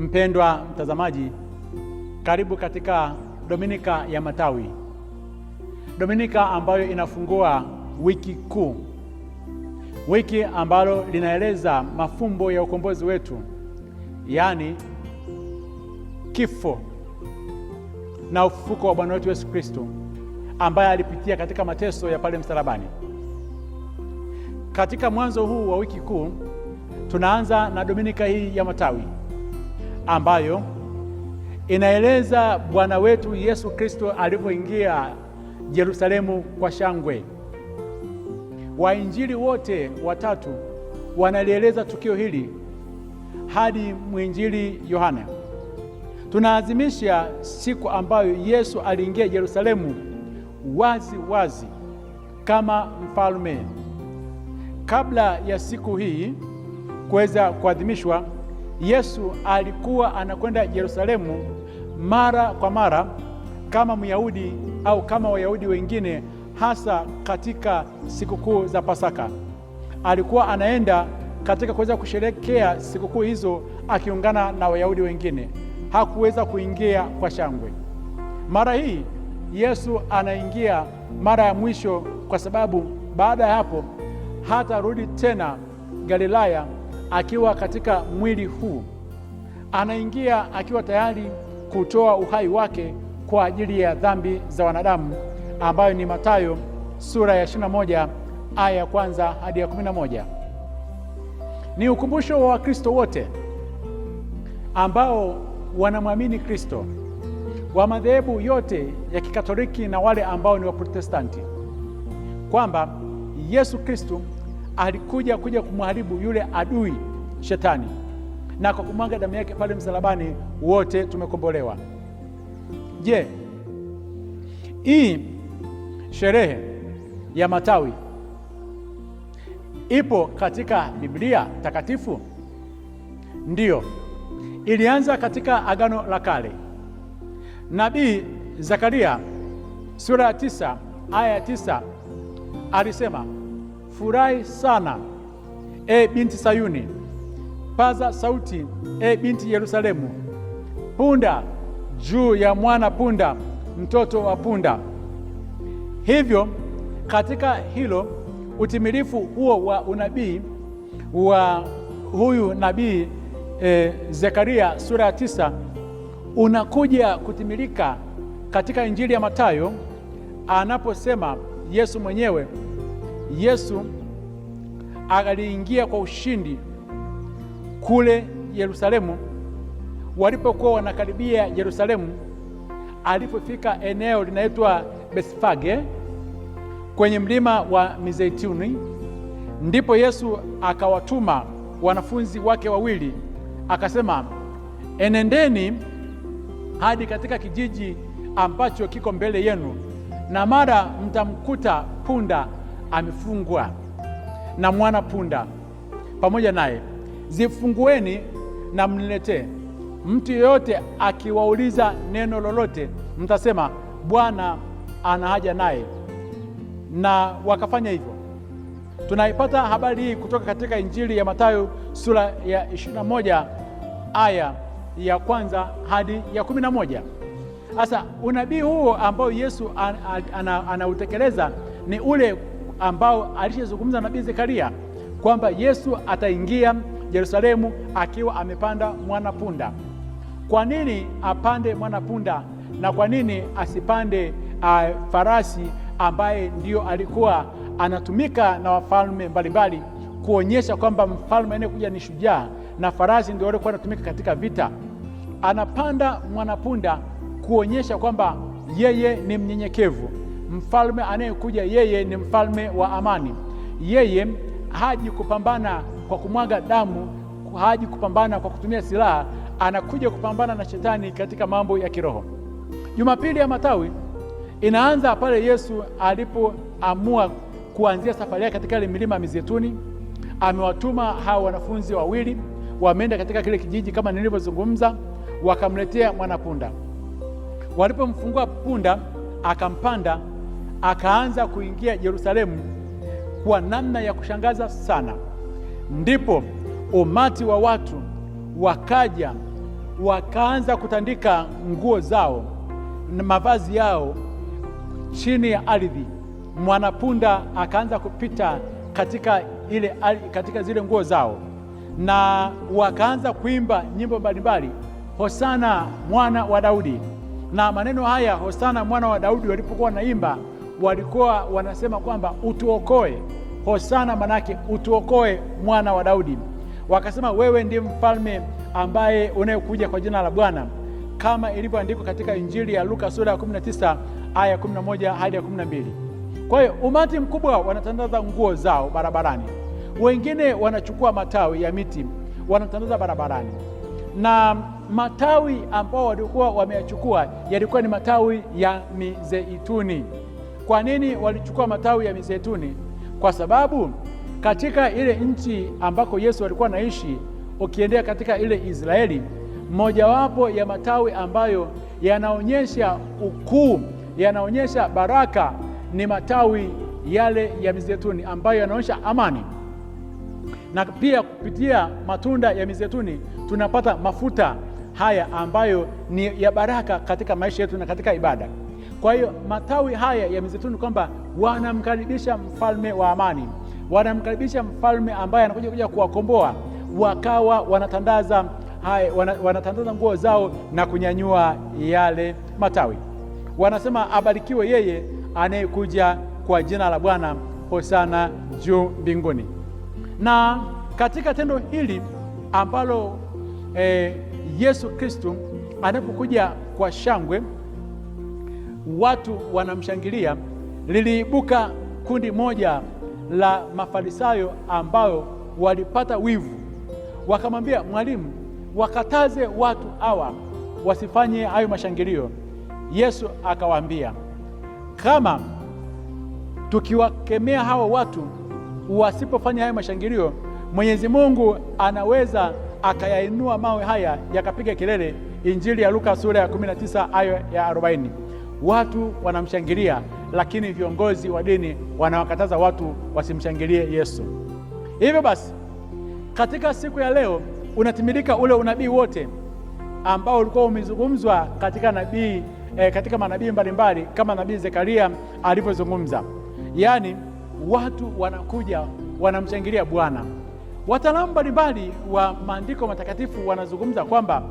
Mpendwa mtazamaji, karibu katika Dominika ya Matawi, Dominika ambayo inafungua wiki kuu, wiki ambalo linaeleza mafumbo ya ukombozi wetu, yaani kifo na ufufuko wa Bwana wetu Yesu Kristo ambaye alipitia katika mateso ya pale msalabani. Katika mwanzo huu wa wiki kuu tunaanza na Dominika hii ya Matawi ambayo inaeleza Bwana wetu Yesu Kristo alivyoingia Yerusalemu kwa shangwe. Wainjili wote watatu wanalieleza tukio hili hadi mwinjili Yohana. Tunaazimisha siku ambayo Yesu aliingia Yerusalemu wazi wazi kama mfalme. Kabla ya siku hii kuweza kuadhimishwa Yesu alikuwa anakwenda Yerusalemu mara kwa mara kama Myahudi au kama Wayahudi wengine, hasa katika sikukuu za Pasaka. Alikuwa anaenda katika kuweza kusherekea sikukuu hizo akiungana na Wayahudi wengine. Hakuweza kuingia kwa shangwe. Mara hii Yesu anaingia mara ya mwisho, kwa sababu baada ya hapo hatarudi tena Galilaya akiwa katika mwili huu, anaingia akiwa tayari kutoa uhai wake kwa ajili ya dhambi za wanadamu, ambayo ni Mathayo sura ya 21 aya ya kwanza hadi ya 11. Ni ukumbusho wa Wakristo wote ambao wanamwamini Kristo wa madhehebu yote ya Kikatoliki na wale ambao ni Waprotestanti kwamba Yesu Kristo alikuja kuja kumharibu yule adui shetani, na kwa kumwaga damu yake pale msalabani wote tumekombolewa. Je, hii sherehe ya matawi ipo katika Biblia Takatifu? Ndiyo, ilianza katika Agano la Kale. Nabii Zakaria sura ya tisa aya ya tisa alisema furahi sana, e binti Sayuni, paza sauti, e binti Yerusalemu, punda juu ya mwana punda, mtoto wa punda. Hivyo katika hilo utimilifu huo wa unabii wa huyu nabii e, Zekaria sura ya tisa unakuja kutimilika katika Injili ya Mathayo anaposema Yesu mwenyewe Yesu aliingia kwa ushindi kule Yerusalemu. Walipokuwa wanakaribia Yerusalemu, alipofika eneo linaitwa Bethfage kwenye mlima wa Mizeituni, ndipo Yesu akawatuma wanafunzi wake wawili akasema, enendeni hadi katika kijiji ambacho kiko mbele yenu, na mara mtamkuta punda amefungwa na mwana punda pamoja naye, zifungueni na mniletee. Mtu yeyote akiwauliza neno lolote, mtasema Bwana ana haja naye, na wakafanya hivyo. Tunaipata habari hii kutoka katika Injili ya Mathayo sura ya 21 aya ya kwanza hadi ya kumi na moja. Sasa unabii huo ambao Yesu anautekeleza an, an, an, ni ule ambao alishazungumza nabii Zekaria kwamba Yesu ataingia Yerusalemu akiwa amepanda mwana punda. Kwa nini apande mwana punda na kwa nini asipande uh, farasi ambaye ndiyo alikuwa anatumika na wafalme mbalimbali kuonyesha kwamba mfalme anayekuja ni shujaa, na farasi ndio alikuwa anatumika katika vita. Anapanda mwanapunda kuonyesha kwamba yeye ni mnyenyekevu. Mfalme anayekuja yeye ni mfalme wa amani. Yeye haji kupambana kwa kumwaga damu, haji kupambana kwa kutumia silaha, anakuja kupambana na shetani katika mambo ya kiroho. Jumapili ya matawi inaanza pale Yesu alipoamua kuanzia safari yake katika ile milima ya Mizeituni. Amewatuma hawa wanafunzi wawili, wameenda katika kile kijiji kama nilivyozungumza, wakamletea mwanapunda. Walipomfungua punda, akampanda akaanza kuingia Yerusalemu kwa namna ya kushangaza sana. Ndipo umati wa watu wakaja wakaanza kutandika nguo zao na mavazi yao chini ya ardhi. Mwanapunda akaanza kupita katika, ile, katika zile nguo zao, na wakaanza kuimba nyimbo mbalimbali, Hosana mwana wa Daudi. Na maneno haya Hosana mwana wa Daudi walipokuwa wanaimba walikuwa wanasema kwamba utuokoe, hosana, manake utuokoe mwana wa Daudi. Wakasema wewe ndiye mfalme ambaye unayekuja kwa jina la Bwana, kama ilivyoandikwa katika Injili ya Luka sura ya 19 aya 11 hadi ya 12. Kwa hiyo umati mkubwa wanatandaza nguo zao barabarani, wengine wanachukua matawi ya miti wanatandaza barabarani, na matawi ambao walikuwa wameyachukua yalikuwa ni matawi ya mizeituni. Kwa nini walichukua matawi ya mizeituni? Kwa sababu katika ile nchi ambako Yesu alikuwa anaishi, ukiendea katika ile Israeli, mojawapo ya matawi ambayo yanaonyesha ukuu, yanaonyesha baraka ni matawi yale ya mizeituni ambayo yanaonyesha amani, na pia kupitia matunda ya mizeituni tunapata mafuta haya ambayo ni ya baraka katika maisha yetu na katika ibada. Kwa hiyo matawi haya ya mzeituni kwamba wanamkaribisha mfalme wa amani, wanamkaribisha mfalme ambaye anakuja kuja kuwakomboa. Wakawa wanatandaza hai, wanatandaza nguo zao na kunyanyua yale matawi, wanasema abarikiwe yeye anayekuja kwa jina la Bwana, hosana juu mbinguni. Na katika tendo hili ambalo eh, Yesu Kristo anapokuja kwa shangwe watu wanamshangilia, liliibuka kundi moja la Mafarisayo ambao walipata wivu, wakamwambia mwalimu, wakataze watu hawa wasifanye hayo mashangilio. Yesu akawaambia, kama tukiwakemea hawa watu wasipofanya hayo mashangilio, Mwenyezi Mungu anaweza akayainua mawe haya yakapiga kelele. Injili ya Luka sura ya 19 ayo ya 40 watu wanamshangilia, lakini viongozi wa dini wanawakataza watu wasimshangilie Yesu. Hivyo basi, katika siku ya leo unatimilika ule unabii wote ambao ulikuwa umezungumzwa katika nabii eh, katika manabii mbalimbali kama nabii Zekaria alivyozungumza, yaani watu wanakuja wanamshangilia Bwana. Wataalamu mbalimbali wa maandiko matakatifu wanazungumza kwamba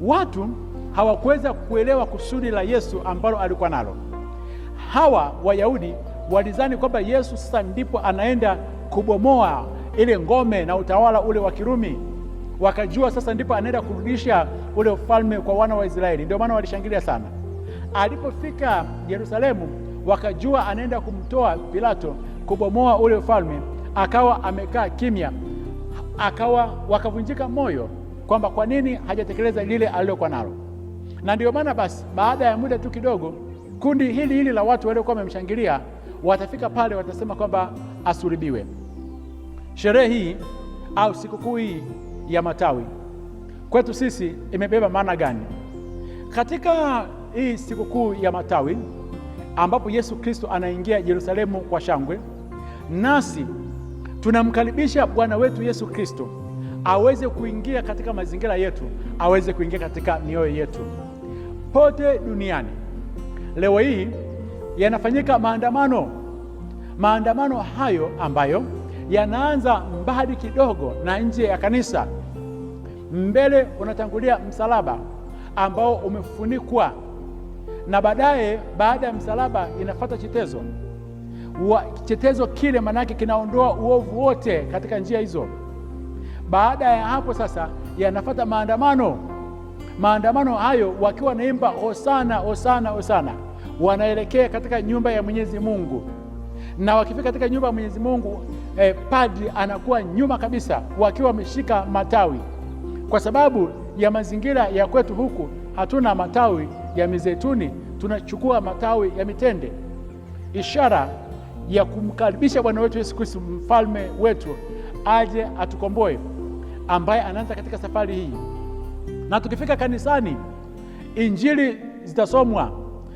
watu hawakuweza kuelewa kusudi la Yesu ambalo alikuwa nalo. Hawa Wayahudi walizani kwamba Yesu sasa ndipo anaenda kubomoa ile ngome na utawala ule wa Kirumi, wakajua sasa ndipo anaenda kurudisha ule ufalme kwa wana wa Israeli. Ndio maana walishangilia sana alipofika Yerusalemu, wakajua anaenda kumtoa Pilato, kubomoa ule ufalme. Akawa amekaa kimya, akawa wakavunjika moyo kwamba kwa nini hajatekeleza lile alilokuwa nalo. Na ndio maana basi, baada ya muda tu kidogo, kundi hili hili la watu waliokuwa wamemshangilia watafika pale, watasema kwamba asulubiwe. Sherehe hii au sikukuu hii ya matawi kwetu sisi imebeba maana gani? Katika hii sikukuu ya matawi ambapo Yesu Kristo anaingia Yerusalemu kwa shangwe, nasi tunamkaribisha Bwana wetu Yesu Kristo aweze kuingia katika mazingira yetu, aweze kuingia katika mioyo yetu pote duniani. Leo hii yanafanyika maandamano, maandamano hayo ambayo yanaanza mbali kidogo na nje ya kanisa, mbele unatangulia msalaba ambao umefunikwa na baadaye, baada ya msalaba inafuata chetezo wa, chetezo kile maanake kinaondoa uovu wote katika njia hizo. Baada ya hapo sasa yanafuata maandamano maandamano hayo wakiwa wanaimba hosana hosana hosana, wanaelekea katika nyumba ya Mwenyezi Mungu, na wakifika katika nyumba ya Mwenyezi Mungu eh, padri anakuwa nyuma kabisa, wakiwa wameshika matawi, kwa sababu ya mazingira ya kwetu huku hatuna matawi ya mizeituni, tunachukua matawi ya mitende, ishara ya kumkaribisha Bwana wetu Yesu Kristo, mfalme wetu, aje atukomboe, ambaye anaanza katika safari hii na tukifika kanisani injili zitasomwa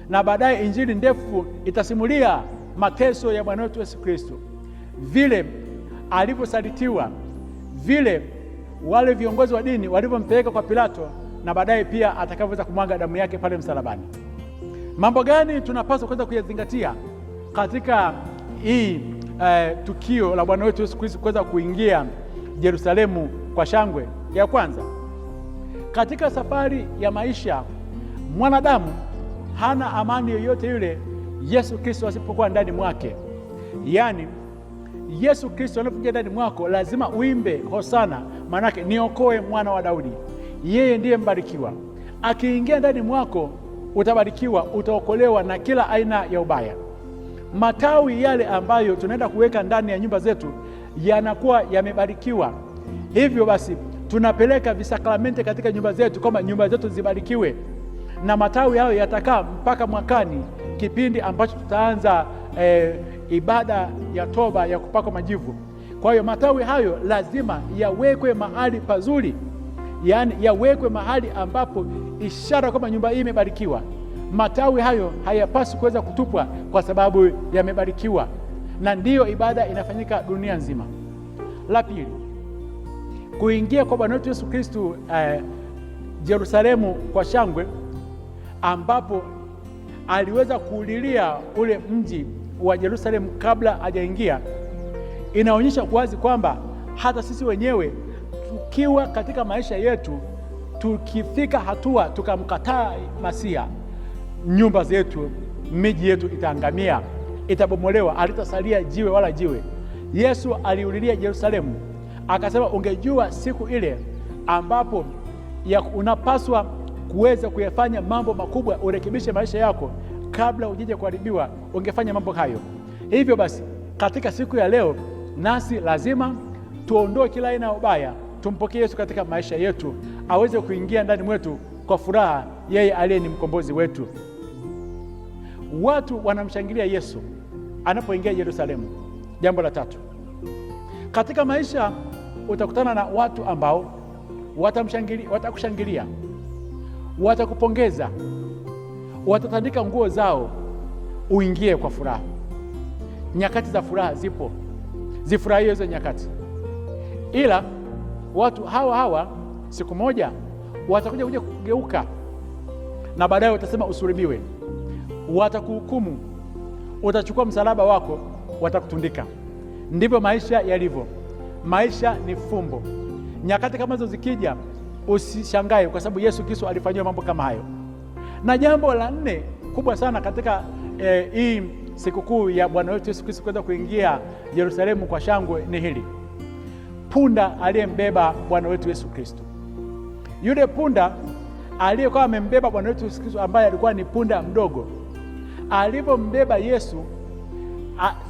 na baadaye injili ndefu itasimulia mateso ya Bwana wetu Yesu Kristo, vile alivyosalitiwa, vile wale viongozi wa dini walivyompeleka kwa Pilato, na baadaye pia atakavyoweza kumwaga damu yake pale msalabani. Mambo gani tunapaswa kuweza kuyazingatia katika hii eh, tukio la Bwana wetu Yesu Kristo kuweza kuingia Yerusalemu kwa shangwe? Ya kwanza katika safari ya maisha mwanadamu hana amani yoyote yule Yesu Kristo asipokuwa ndani mwake. Yaani, Yesu Kristo anapokuja ndani mwako lazima uimbe hosana, maanake niokoe mwana wa Daudi, yeye ndiye mbarikiwa. Akiingia ndani mwako utabarikiwa, utaokolewa na kila aina ya ubaya. Matawi yale ambayo tunaenda kuweka ndani ya nyumba zetu yanakuwa yamebarikiwa. Hivyo basi tunapeleka visakramenti katika nyumba zetu, kwamba nyumba zetu zibarikiwe na matawi hayo yatakaa mpaka mwakani, kipindi ambacho tutaanza e, ibada ya toba ya kupakwa majivu. Kwa hiyo matawi hayo lazima yawekwe mahali pazuri, yaani yawekwe mahali ambapo ishara kwamba nyumba hii imebarikiwa. Matawi hayo hayapaswi kuweza kutupwa kwa sababu yamebarikiwa, na ndiyo ibada inafanyika dunia nzima. La pili kuingia kwa Bwana wetu Yesu Kristu eh, Yerusalemu kwa shangwe, ambapo aliweza kuulilia ule mji wa Yerusalemu kabla hajaingia, inaonyesha wazi kwamba hata sisi wenyewe tukiwa katika maisha yetu, tukifika hatua tukamkataa Masia, nyumba zetu, miji yetu itaangamia, itabomolewa, alitasalia jiwe wala jiwe. Yesu aliulilia Yerusalemu Akasema ungejua siku ile ambapo ya unapaswa kuweza kuyafanya mambo makubwa, urekebishe maisha yako kabla ujije kuharibiwa, ungefanya mambo hayo. Hivyo basi, katika siku ya leo nasi lazima tuondoe kila aina ya ubaya, tumpokee Yesu katika maisha yetu, aweze kuingia ndani mwetu kwa furaha, yeye aliye ni mkombozi wetu. Watu wanamshangilia Yesu anapoingia Yerusalemu. Jambo la tatu katika maisha utakutana na watu ambao watamshangilia, watakushangilia, watakupongeza, watatandika nguo zao, uingie kwa furaha. Nyakati za furaha zipo, zifurahie hizo nyakati, ila watu hawa hawa siku moja watakuja kuja kugeuka, na baadaye watasema usulubiwe, watakuhukumu, utachukua msalaba wako, watakutundika. Ndivyo maisha yalivyo. Maisha ni fumbo. Nyakati kama hizo zikija, usishangae kwa sababu Yesu Kristo alifanyiwa mambo kama hayo. Na jambo la nne kubwa sana katika eh, sikukuu ya Bwana wetu Yesu Kristo kuweza kuingia Yerusalemu kwa shangwe ni hili: punda aliyembeba Bwana wetu Yesu Kristo. Yule punda aliyekuwa amembeba Bwana wetu Yesu Kristo, ambaye alikuwa ni punda mdogo, alivyombeba Yesu,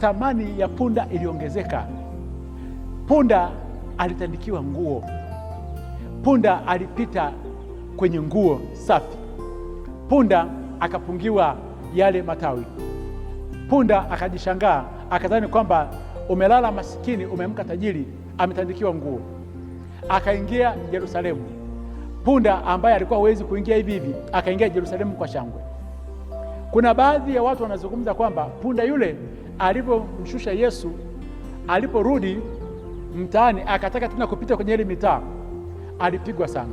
thamani ya punda iliongezeka. Punda alitandikiwa nguo, punda alipita kwenye nguo safi, punda akapungiwa yale matawi, punda akajishangaa, akadhani kwamba umelala masikini, umeamka tajiri, ametandikiwa nguo. Akaingia Yerusalemu, punda ambaye alikuwa hawezi kuingia hivi hivi, akaingia Yerusalemu kwa shangwe. Kuna baadhi ya watu wanazungumza kwamba punda yule alipomshusha Yesu aliporudi mtaani, akataka tena kupita kwenye ile mitaa, alipigwa sana.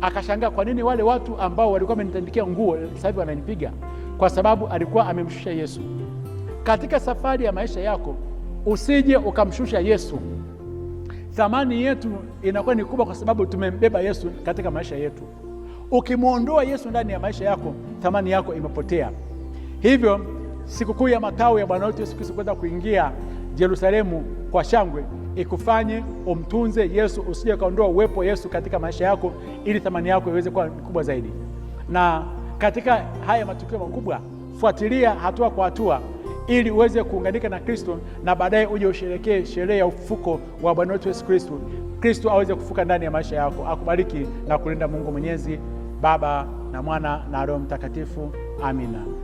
Akashangaa kwa nini wale watu ambao walikuwa wamenitandikia nguo sasa hivi wananipiga, kwa sababu alikuwa amemshusha Yesu. Katika safari ya maisha yako usije ukamshusha Yesu. Thamani yetu inakuwa ni kubwa, kwa sababu tumembeba Yesu katika maisha yetu. Ukimwondoa Yesu ndani ya maisha yako, thamani yako imepotea. Hivyo sikukuu ya makao ya Bwana wetu Yesu Kristo kuweza kuingia Yerusalemu kwa shangwe ikufanye umtunze Yesu, usije ukaondoa uwepo Yesu katika maisha yako, ili thamani yako iweze kuwa kubwa zaidi. Na katika haya matukio makubwa, fuatilia hatua kwa hatua, ili uweze kuunganika na Kristo na baadaye uje usherekee sherehe ya ufufuko wa Bwana wetu Yesu Kristo. Kristo aweze kufuka ndani ya maisha yako. Akubariki na kulinda Mungu Mwenyezi, Baba na Mwana na Roho Mtakatifu. Amina.